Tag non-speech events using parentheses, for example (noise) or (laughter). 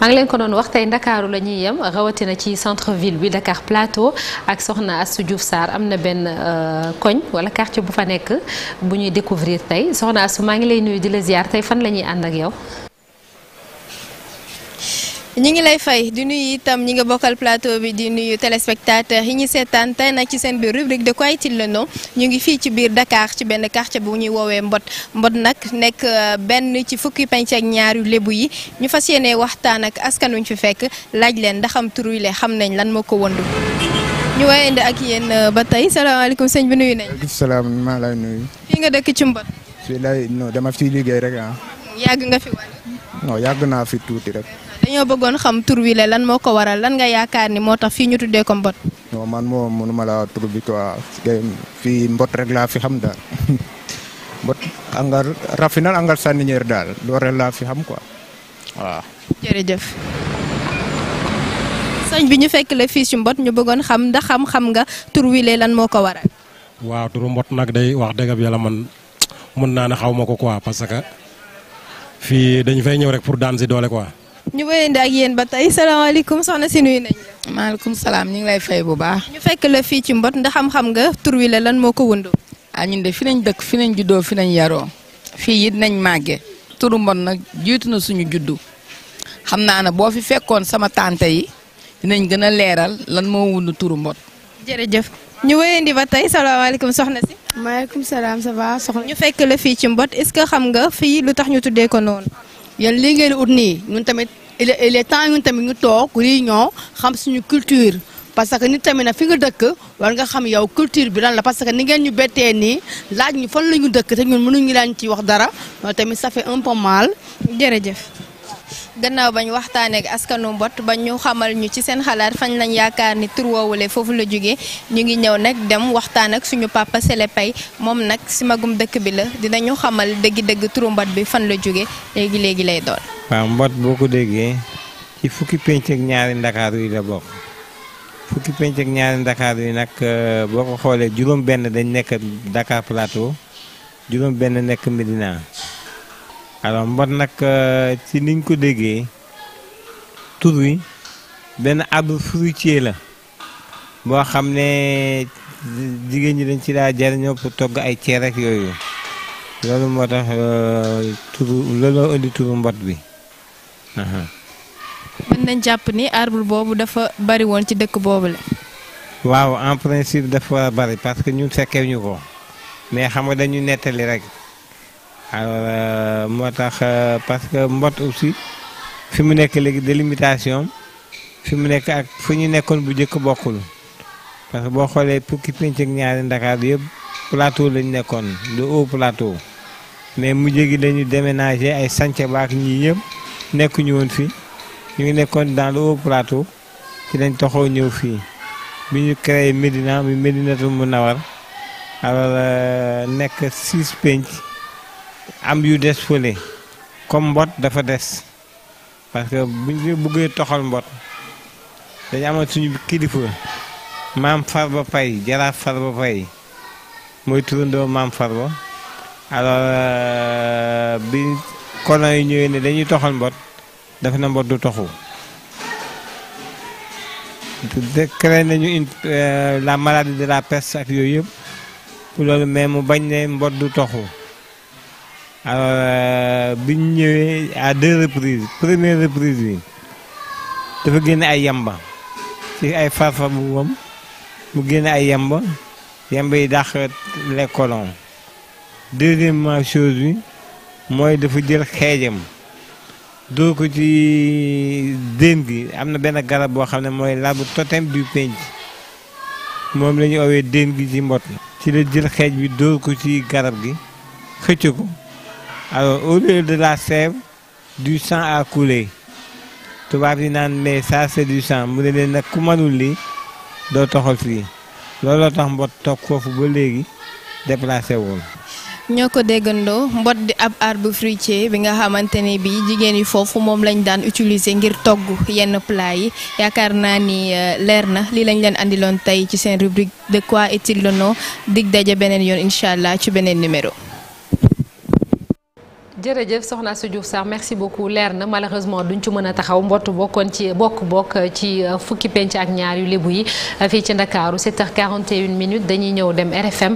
maa ngi leen ko doon wax tey ndakaaru la ñuy yem rawatina ci centre ville bi Dakar Plateau ak soxna as su Diouf saar am na benn euh, koñ wala quartier bu fa nekk bu ñuy découvrir tey soxna su maa ngi lay nuyu di la ziar tey fan la ñuy ànd ak yow. ñu ngi lay fay di nuyu itam ñi nga bokkal plateau bi di nuyu téléspectateur yi ñu seetaan tey nag ci seen biir rubrique de ko est-il le nom ñu ngi fii ci biir dakaar ci benn quartier bu ñuy woowee Mbot Mbot nag nekk euh, benn ci fukki penc ñaar lébu yi ñu fas yéenee waxtaan ak askan wi ñu fi fekk laaj leen ndaxam turu le xam nañ lan moo ko wëndu. ñu wayande ak yéen euh, ba tey salaamaaleykum sëñ bi nuyu nañ. waaleykum maa lay fii nga dëkk ci Mbot. fii lay non dama ah. yàgg nga fi wàll. naa fi tuuti rek. dañoo bëggoon xam tur lan moo ko waral lan nga yaakaar ni moo tax fii ñu tuddee ko mbot. man moom mënuma la tur bi quoi fii mbot rek laa fi xam daal (laughs) mbot angal rafinal angal daal loolu rek laa fi xam quoi waaw. jërëjëf. sëñ bi ñu fekk fii ci mbot ñu bëggoon xam ndax xam-xam nga tur lan moo ko waral. waaw turu mbot nag day wax dëgg yàlla man mën naa ne xaw ma ko quoi parce que fii dañu fay ñëw rek pour daan si doole quoi. ñu wéyandi ak yéen ba tey salaamaaleykum soxna si nuy nañ la. maaleykum salaam ñu ngi lay fay bu baax. ñu fekk la fii ci mbot ndax xam-xam nga tur lan moo ko wëndoo. ah ñun de fi nañ dëkk fi nañ juddoo fi nañ yaroo fii it nañ màggee turu mbot nag jiitu na suñu juddu xam naa ne boo fi fekkoon sama tante yi dinañ gën a leeral lan moo wundu turu mbot. jërëjëf ñu wéyandi ba tey salaamaaleykum soxna si. maaleykum salaam ça va soxna. ñu fekk fii ci mbot est-ce que xam nga fii lu tax ñu tuddee ko noonu. yan lii ngeen ut nii ñun tamit il temps ñun tamit ñu toog réunion xam suñu culture parce que nit tamit na fi nga dëkk war nga xam yow culture bi lan la parce que ni ngeen ñu bettee nii laaj ñu fan la ñu dëkk te ñun mënuñu leen ci wax dara loolu tamit ça fait un peu mal. jërëjëf. gannaaw bañ waxtaanee ak askanu mbott ba ñu xamal ñu ci seen xalaat fañ lañ yaakaar ni tur foofu la jóge ñu ngi ñëw nag dem waxtaan ak suñu papa Sele Pay moom nag si magum dëkk bi la dinañu xamal dëgg-dëgg turu mbott bi fan la jóge léegi léegi lay doon. waaw mbott boo ko déggee ci fukki penc ñaari ndakaar yi la bokk fukki penc ñaari ndakaaru yi nag boo ko xoolee juróom-benn dañ nekk Dakar Plateau juróom-benn nekk Medina. alors mbot nag euh, ci niñ ko déggee tur benn arbre fruitier la boo xam ne jigéen ñi dañ ci daa jariñoo pour togg ay ceer rek yooyu loolu moo tax euh, turu looloo indi turu mbot bi. mën nañ jàpp ni arbre boobu dafa bari woon ci dëkk boobu la. waaw en principe dafa bari parce que ñun fekkee ñu ko mais xam nga dañu nettali rek. alors euh, moo tax euh, parce que mbott aussi fi mu nekk léegi délimitation fi mu nekk ak fu ñu nekkoon bu njëkk bokkul parce boo xoolee fukki penc ñaari Ndakaar yëpp plateau lañ nekkoon le haut plateau mais mu jégi dañu déménager ay sànce baak ñi ñëpp nekkuñu woon fii ñu ngi nekkoon dans le haut plateau ci lañ toxoo ñëw fii bi ñu créé Médina bi Médinatul Munawar alors euh, nekk six penc am yu des fële comme mbot dafa des parce que bu ñu bëggee toxal mbot dañu amal suñu kilifa maam Farba Pay jaraaf Farba Pay mooy turandoo maam Farba alors euh, bi colon yi ñëwee ne dañuy toxal mbot dafa na mbot du toxu créé nañu une euh, la maladie de la peste ak yooyu yëpp loolu mais mu bañ ne mbot du toxu Euh, biñ ñëwee à deux reprises première reprise bi dafa génne ay yamba ci ay farfa bu wom mu génne ay yamba yamba yi dàq les colons deuxièmement chose bi mooy dafa jël xeejam dóor ko ci déen gi am na benn garab boo xam ne mooy labu totem du penc moom la ñu owee dén gi ci mbott ci la jël xeej bi dóor ko ci garab gi xëcc ko alors au de la sève du sang a coulé tubaab yi naan mais ça c'est du sang mu leen nag ku manul li doo toxal fii looloo tax mbot toog foofu ba léegi déplacé woon ñoo ko déggandoo mbot di ab arbre fruitier bi nga xamante ne bii jigéen yi foofu moom lañ daan utiliser ngir togg yenn plat yi yaakaar naa ni euh, leer na lii lañ leen indiloon tey ci seen rubrique de quoi est-il le nom daje beneen yoon incha allah ci beneen numéro. jërëjëf soxna su Diouf Sarr merci beaucoup leer na malheureusement duñ ci mën a taxaw mbottu bokkoon ci bokk-bokk ci euh, fukki penc ak ñaar yu lébu yi euh, fii ci Ndakaaru 7 h une minutes dañuy ñëw dem RFM